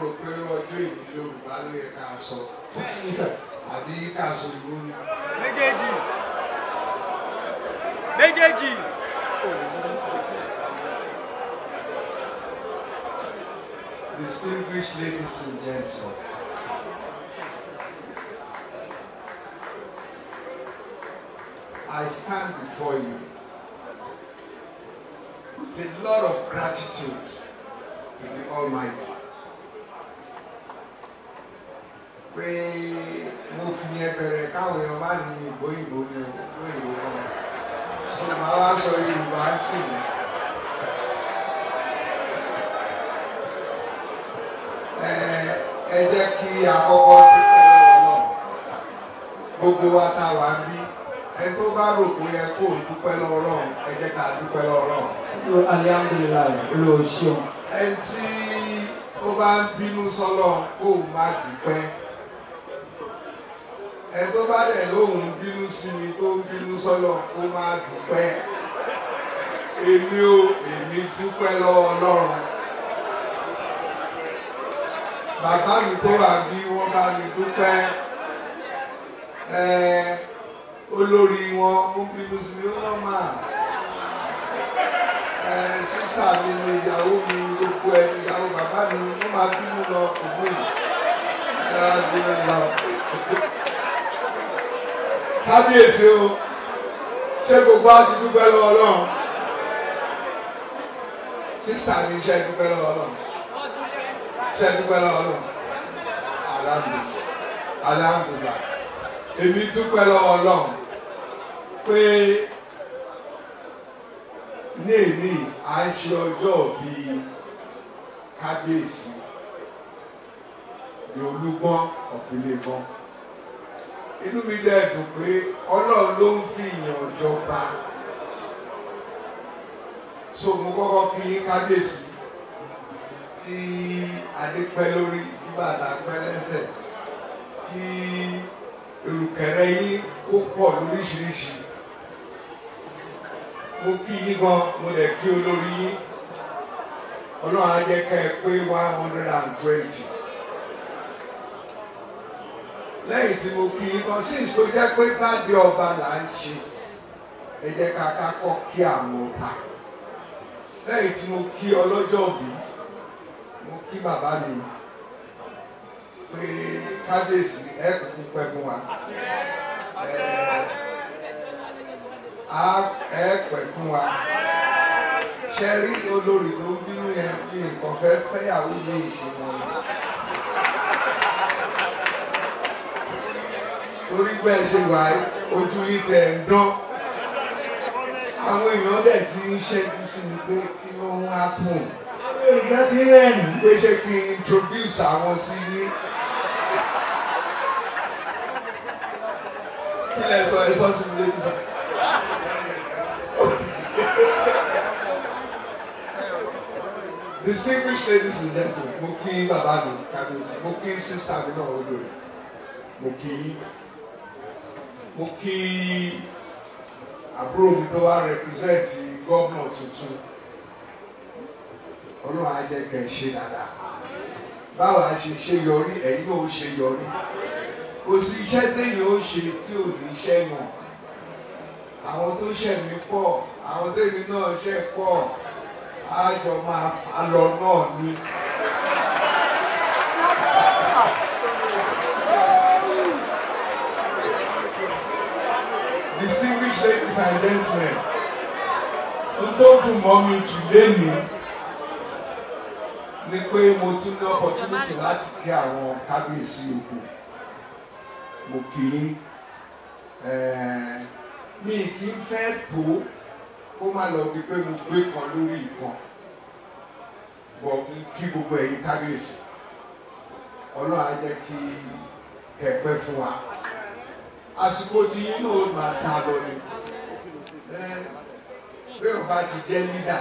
rò pé ọjọ́ ìlú Yorùbá ló ká sọ àbí ká sọ ìwé ni. méjèèjì méjèèjì. Distinguished ladies and gentlemen. I stand before you with a lot of gratitude to the Almighty. pé mo fi yẹn bẹ̀rẹ̀ káwọn èèyàn má ní ìbò ìbò ní ìbò ìbò náà ṣe máa wá sọ Yorùbá sí i. ẹ jẹ́ kí àkọ́kọ́ tó tẹ̀lé náà gbogbo wa tá a wà ń bá rò pé ẹ kó dúpẹ́ lọ́wọ́ ẹ jẹ́ ká dúpẹ́ lọ́wọ́ Ọlọ́run. ló ṣeun. ẹni tí ó bá ń bínú sọ́lọ́ kó o má dúpẹ́ ẹ tó bá dẹ̀ lóhùn bínú sí mi tó ń bínú sọ́lọ̀ kó máa dúpẹ́ èmi o èmi dúpẹ́ lọ́wọ́ Ọlọ́run bàbá mi tó wà bí wọ́n bá mi dúpẹ́ ẹ olórí wọn ó bínú sí mi ó náà máa ẹ sísà mi ni ìyàwó mi gbogbo ẹ ìyàwó bàbá mi wọ́n máa bínú lọ òun yìí kábíyèsí o ṣé gbogbo àti dúpẹ́ lọ́wọ́ náà sísà mi ṣe dúpẹ́ lọ́wọ́ náà ṣe dúpẹ́ lọ́wọ́ náà alámùdùbà alámùdùbà èmi dúpẹ́ lọ́wọ́ náà pé ní èmi à ń ṣe ọjọ́ bíi kábíyèsí ní olúgbọ́n ọ̀fìlẹ́gbọ́n. inú mi dẹ̀ dùn pé ọlọ́run ló ń fi ìyàn jọba so mo kọ́kọ́ kí kábíyèsí kí adé yi lórí kí bàtà pẹ́ lẹ́sẹ̀ kí èrùkẹ̀rẹ̀ yín kó pọ̀ lóríṣiríṣi mo kí yín gan mo dẹ̀ kí olórí yín ọlọ́run á jẹ́ ká ẹ pé one hundred lẹ́yìn tí mo kí i kan sí ìṣó jẹ́ pé báde ọba là ń ṣe ẹ jẹ́ ká kákọ́ kí àwọn ọba lẹ́yìn tí mo kí ọlọ́jọ́ òbí mo kí bàbá mi pé kábíyèsí ẹ kúkú pẹ́ fún wa ẹ pẹ́ fún wa ṣe olórí tó ń bínú yẹn bí nǹkan fẹ́ fẹ́yàwó ní ìṣúná. torí ṣe wà ojú yìí tẹ̀ ń dán àwọn èèyàn dẹ̀ ti ń ṣẹ́jú sí i pé kí ló ń hápùn pé ṣé kí n introduce àwọn sí yín. kí lẹ sọ ẹ sí mi létí sọ. distinguished ladies and gentlemen mo kí bàbá mi kàdùnsì mo kí sísá mi náà olórí mo kí yín mo kí àbúrò mi tó wá rẹpírẹ́sẹ̀tì gómìnà tuntun ọlọ́run á jẹ́ kẹ́ ẹ ṣe dáadáa báwa ṣe ṣe yọrí ẹ̀yin náà ó ṣe yọrí kò sí iṣẹ́ téèyàn ó ṣe tí ò ní ṣẹ́ yàn àwọn tó ṣẹ̀ mí pọ̀ àwọn tèmi náà ṣẹ̀ pọ̀ á máa fà lọ náà ni. dùn mọ́ mi jù lénìí ni pé mo tún ní opportunity láti kí àwọn kábíyèsí òkú mo kì í mi kì í fẹ́ tó kó má lọ bí pé mo gbé kan lórí ìkan bọ̀ mo kí gbogbo ẹ̀yin kábíyèsí ọlọ́run á jẹ́ kí ẹ̀pẹ́ fún wa àsìkò tí yín náà máa dá lọ ni pé ọba ti jẹ́ lídà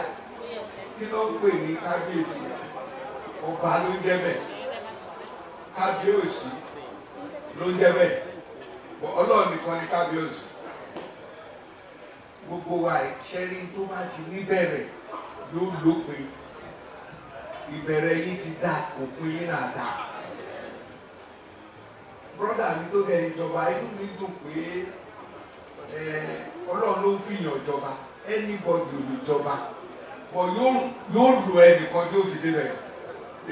kí ló ń pè ní kábíyèsí ọba ló ń jẹ́ bẹ́ẹ̀ kábíyèsí ló ń jẹ́ bẹ́ẹ̀ ọlọ́run nìkan ní kábíyèsí gbogbo wa ìṣẹ́rí tó bá ti ní bẹ̀rẹ̀ ló lópin ìbẹ̀rẹ̀ yìí ti dà òpin yìí náà dà brọ́dà mi tó bẹ̀rẹ̀ ìjọba inú mi dùn pé ọlọ́run ló fìyàn ìjọba anybody ò ní jọba bọ̀ yóò lo ẹnìkan tí ó fi débẹ̀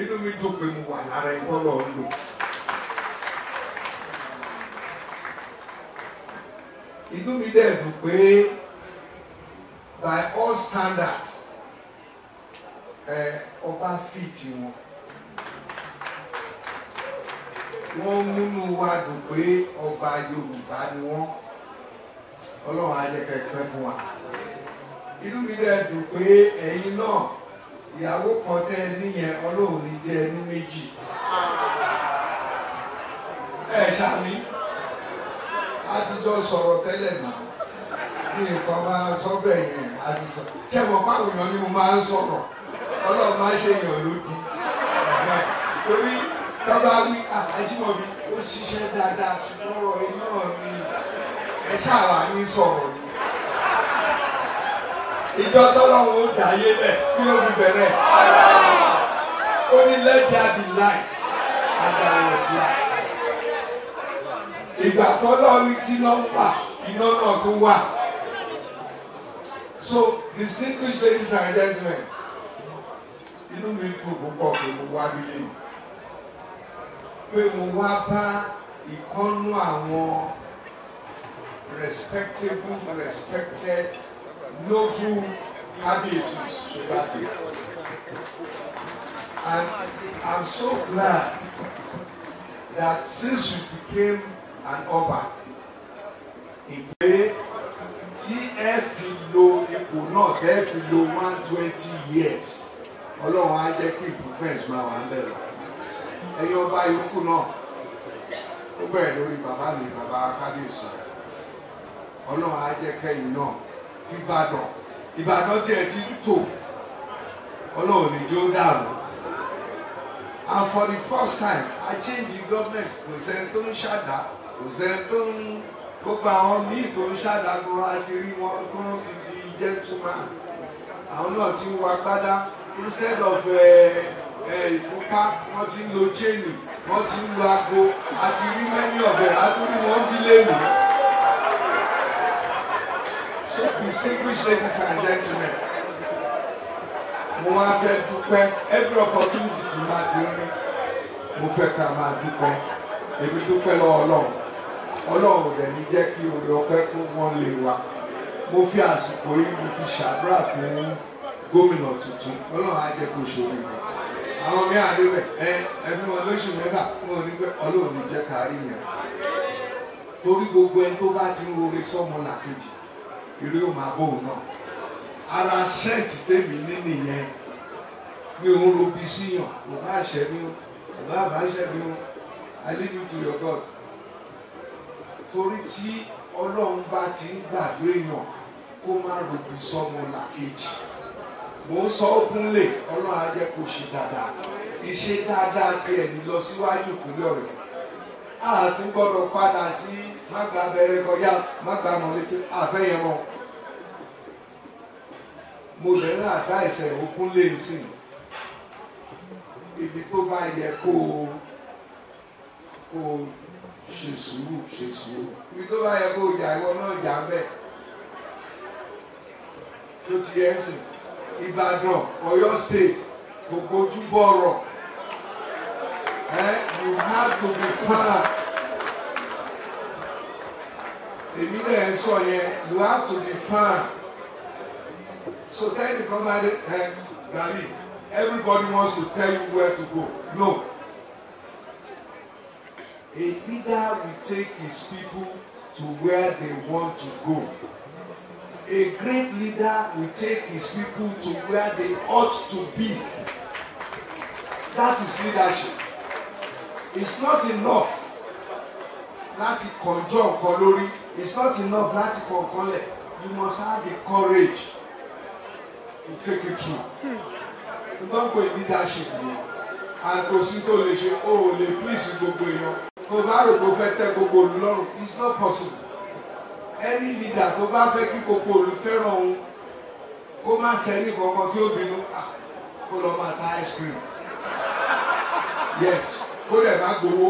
inú mi dùn pé mo wà lára ẹ̀ tọ́lọ̀ ń lò. inú mi dẹ̀ dùn pé by all standard ọba fìtì wọn wọ́n múnú wa dùn pé ọba Yorùbá ni wọ́n ọlọ́run á jẹ́ kẹ́kẹ́ fún wa inú mi dẹ̀ dùn pé ẹ̀yin náà ìyàwó kan tẹ́ ẹ níyẹn ọlọ́run ní jẹ́ ẹnu méjì ẹ ṣàmì a ti jọ sọ̀rọ̀ tẹ́lẹ̀ náà ní nǹkan máa sọ bẹ́ẹ̀ yẹn a ti sọ kí ẹ mọ̀ báwo yàn ni mo máa ń sọ̀rọ̀ ọlọ́run máa ń ṣe yàn lódì torí tọ́ba wí àjímọ̀bí ó ṣiṣẹ́ dáadáa ṣùgbọ́n ọ̀rọ̀ iná mi ẹ ṣáà wà ní sọ̀rọ̀ ìjọ tọ́lọ́wọ́ ó dàáyé lẹ̀ kí ló fi bẹ̀rẹ̀ ó ní let there be light and there was light ìgbà tọ́lọ́wọ́ kí ló ń wà iná náà tún wà so distinguished ladies and gentlemen inú mi dùn púpọ̀ pé mo wá nílé pé mo wá bá ìkọ́nú àwọn respectable respected lógú kábíyèsí Ṣèbàdé and I'm so glad that since you became an Oba, in ọba ìgbé tí ẹ fi lo ipò náà tẹ́ fi lo one twenty years ọlọ́run á jẹ́ kí improvement máa wà ń bẹ̀rẹ̀ ẹ̀yin ọba yòókù náà ó bẹ̀rẹ̀ lórí bàbá mi bàbá kábíyèsí ọlọ́run á jẹ́ kẹ́yìn náà. Ìbàdàn Ìbàdàn tiẹ̀ ti ń tò ọlọ́run ní jó dàrú and for the first time I change the government kò sẹ́ni tó ń ṣàdá kò sẹ́ni tó ń gbogbo àwọn míì tó ń ṣàdá gan àti rí wọn tó ń ti di gentleman àwọn náà ti ń wa gbádá instead of eh, eh, ìfúnpá wọ́n ti ń lo chain wọ́n ti ń lo ago àti rí mẹ́ni ọ̀bẹ̀rẹ̀ àtúrí wọn bí lẹ́nu. So distinguished ladies and gentlemen mo máa fẹ́ dúpẹ́ every opportunity tí máa ti rí mo fẹ́ ká máa dúpẹ́ èmi dúpẹ́ lọ́wọ́ ọlọ́run ọlọ́run rẹ̀ ní jẹ́ kí orí ọpẹ́ kó wọ́n lè wa mo fi àsìkò yìí mo fi ṣàdúrà fún gómìnà tuntun ọlọ́run á jẹ́ kó ṣòro ìwọ àwọn mi àdébẹ̀ ẹ ẹbí wọn lóṣù mẹ́fà wọn ò ní pẹ́ ọlọ́run ní jẹ́ ká rí yẹn torí gbogbo ẹni tó bá ti ń rore sọ́mọ làkejì irú yóò máa bóun náà ara strength tèmi mi ò ń robi síyàn kò bá àṣẹ mi o kò bá àbáṣẹ mi o I leave you to your God torí ti ń gbàgbé èèyàn kó má robi sọmọ làkejì ń sọ openly ọlọ́run á jẹ́ kó ṣe dáadáa ìṣe dáadáa tiẹ̀ ní lọ síwájú ìpínlẹ̀ àti gbọ́dọ̀ padà sí magba abẹ́rẹ́ kọjá magba mọ̀lẹ́tẹ́ àfẹ́yẹmọ. mo lè ní àdá ẹsẹ̀ òkun lè sìn ibi tó bá yẹ kó o kó o ṣe sùúrù ṣe sùúrù ibi tó bá yẹ kó o jà ìwọ náà jà bẹ́ẹ̀ tó ti yẹ sìn Ìbàdàn Ọ̀yọ́ state gbogbo ojú bọ̀ ọ̀rọ̀. Eh? You have to be fair. sọ you have to be fair. So tell the company, eh, Gary, everybody wants to tell you where to go. No. A leader will take his people to where they want to go. A great leader will take his people to where they ought to be. That is leadership. it's not enough láti kọjọ́ nǹkan lórí it's not enough láti kọ nǹkan lẹ̀ you must have the courage to take it through. n tó ń pè leadership yẹn and kò sí tó lè ṣe o ò lè please gbogbo èèyàn tó bá rò pé fẹ́ tẹ́ gbogbo òlu it's not possible any leader tó bá fẹ́ kí gbogbo òlu fẹ́ràn òun kó má sẹ́ni kankan tí ó bínú kó lọ́ọ́ máa ta ice cream yes kó lè má gbowó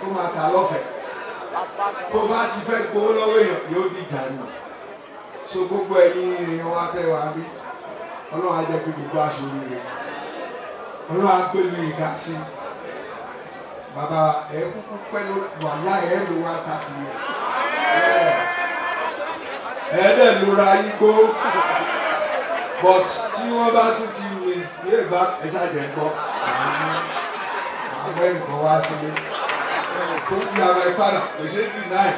kó máa ta lọ́fẹ̀ẹ́ kó bá ti fẹ́ gbowó lọ́wọ́ èèyàn yóò di ìdànù so gbogbo ẹ̀yin ìrìn wa tẹ́ wa rí ọlọ́run á jẹ́ pé gbogbo aṣojú rẹ̀ ọlọ́run á gbé mi ìga sí i bàbá ẹ̀ kúkú pẹ́ ló wà láì ẹ̀ ló wá tàtí yẹn ẹ̀ dẹ̀ lóra igbó but tí wọ́n bá tún ti rìn ní ìbá ẹ̀ ṣàjẹ̀ ń bẹ́ẹ̀ nìkan wá sílé tó bí àwọn ẹ̀fà náà kò ṣe dì náà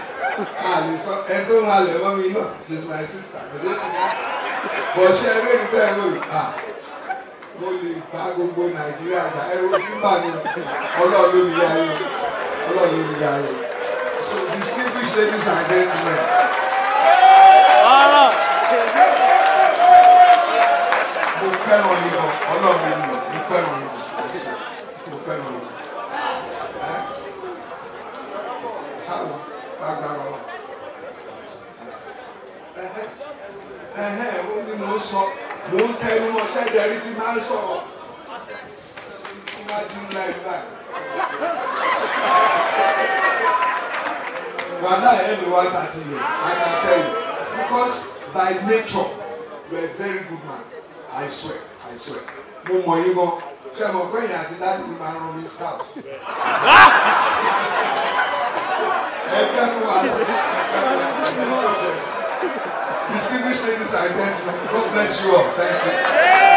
a lè sọ ẹgbẹ́ òun alẹ̀ wọ́n mi náà she is my sister But she dì náà bọ̀ ṣe ẹgbẹ́ mi bẹ́ẹ̀ lóyè à mo lè gba gbogbo Nàìjíríà gba ẹrú nígbà mi ọlọ́ọ̀lù mi yá so distinguished ladies and gentlemen. mo fẹ́ràn yín lọ ọlọ́ọ̀lù mi lọ. ká wọn lágbára wọn. ẹhẹ́ ó ní mò ń sọ mò ń tẹnu mọ́ sẹ́dẹ̀rí tí máa ń sọ̀rọ̀ tí máa ti ń la ìgbà. Wàhálà ẹ̀ mi wá thirty years, I can tell you because by nature you are a very good man. I swear, I swear. Mumu, you go. gan ìyá àti dáàbò mi máa ń rán mi scout? Distinguished ladies and gentlemen, God bless you all. Thank you.